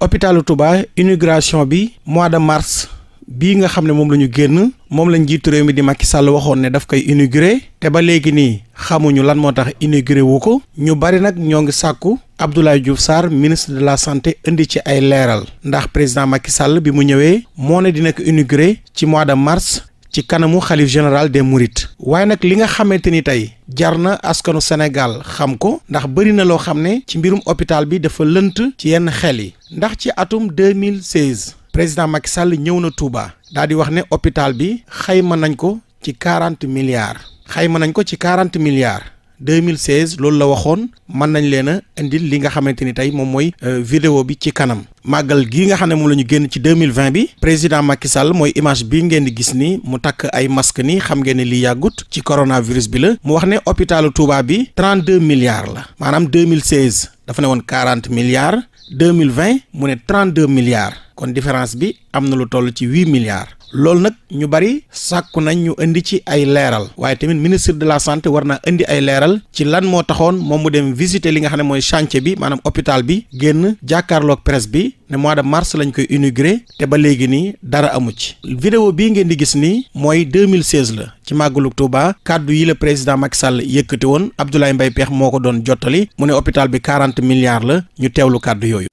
hôpitalu Touba inauguration bi mois de mars bii nga xam ne moom la ñu génn moom lañ jiitu réew mi di Macky Sall waxoon ne daf koy inauguré te ba léegi nii xamuñu lan moo tax inauguré wu ko ñu bari nag ñoo ngi sàkku Abdoulaye Diouf Sarr ministre de la santé indi ci ay leeral ndax président Macky Sall bi mu ñëwee moo ne dina ko inauguré ci mois de mars ci kanamu xalif général des Mourides waaye nag li nga xamante ni tey jar na askanu Sénégal xam ko ndax bëri na loo xam ne ci mbirum hôpital bi dafa lënt ci yenn xel yi ndax ci atum 2016 président Macky Sall ñëw na Touba daal di wax ne hôpital bi xayma nañ ko ci 40 milliards xayma nañ ko ci 40 milliards 2016 loolu la waxoon mën nañ leen a indil li nga xamante ni tey moom mooy euh, video bi ci kanam màggal gi nga xam ne moom la ñu génn ci 2020 bi président Macky Sall mooy image bi ngeen di gis ni mu takk ay masque ni xam ngeen ne li yàggut ci coronavirus bi la mu wax ne hôpitalu Touba bi 32 milliards la maanaam 2016 dafa ne woon 40 milliards 2020 mu ne 32 milliards kon différence bi am na lu toll ci 8 milliards loolu nag ñu bari sàkku nañ ñu indi ci ay leeral waaye tamit ministre de la santé war naa indi ay leeral ci lan moo taxoon moom mu dem visiter li nga xam ne mooy chantier bi maanaam hôpital bi génn jàkkaarloog presse bi ne mois de mars lañ koy inauguré te ba léegi nii dara amu ci. vidéo bii ngeen di gis nii mooy 2016 la ci màggalu Touba kàddu yi la président Macky Sall yëkkati woon Abdoulaye Mbaye Peex moo ko doon jottali mu ne hôpital bi 40 milliards la ñu teewlu kàddu yooyu.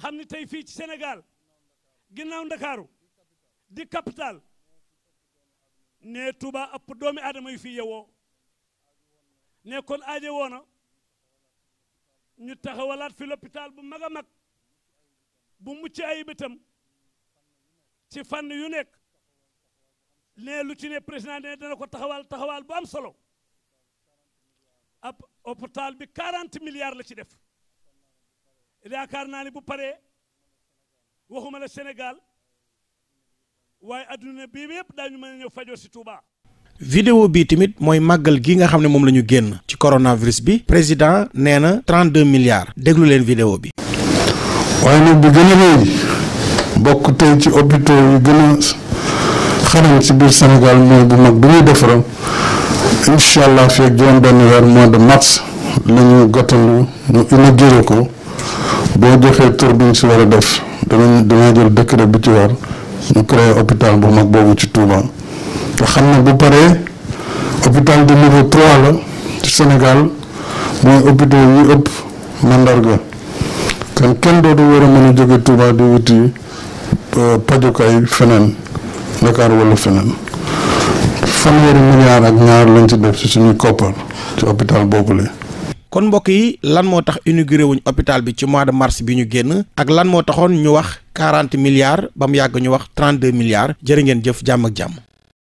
xam ni tey fii ci Sénégal ginnaaw ndakaaru di capital ne Touba ëpp doomi aadama yu fii yewoo ne kon aaje woona ñu taxawalaat fi l'hôpital bu mag a mag bu mucc ayib itam ci fànn yu nekk ne lu ci ne président ne dana ko taxawal taxawal bu am solo ab hôpital bi 40 milliards la ci def yaakaar naa ni bu pare waxuma la Sénégal waaye adduna bi yëpp daañu mën a ñëw fajoo si Touba. vidéo bi tamit mooy màggal gi nga xam ne moom lañu génn ci coronavirus bi président nee na 32 milliards déglu leen vidéo bi. waaye nag bi gën a rëy bokk tey ci hôpitaux yi gën a xaram ci biir Sénégal mooy bu mag bi muy defaram incha allah fii weer mois de mars la ñu gàttanu ñu ko. boo joxee tur bi ñu si war a def danañ dana jël décret bi ci war ñu créé hôpital bu mag boobu ci Touba nga xam ne bu paree hôpital de niveau 3 la ci Sénégal mooy hôpital yi ëpp mandarga kenn dootu war a mën a jóge Touba di wuti euh, pajukaay feneen Dakar wala feneen fanweeri milliard ak ñaar lañ ci def ci suñuy koppar ci boobu la kon mbokk yi lan moo tax inauguré wuñ hôpital bi ci mois de mars bi ñu génn ak lan moo taxoon ñu wax quarante milliards ba mu yàgg ñu wax trente deux milliards jërë ngeen jëf jàmm ak jàmm.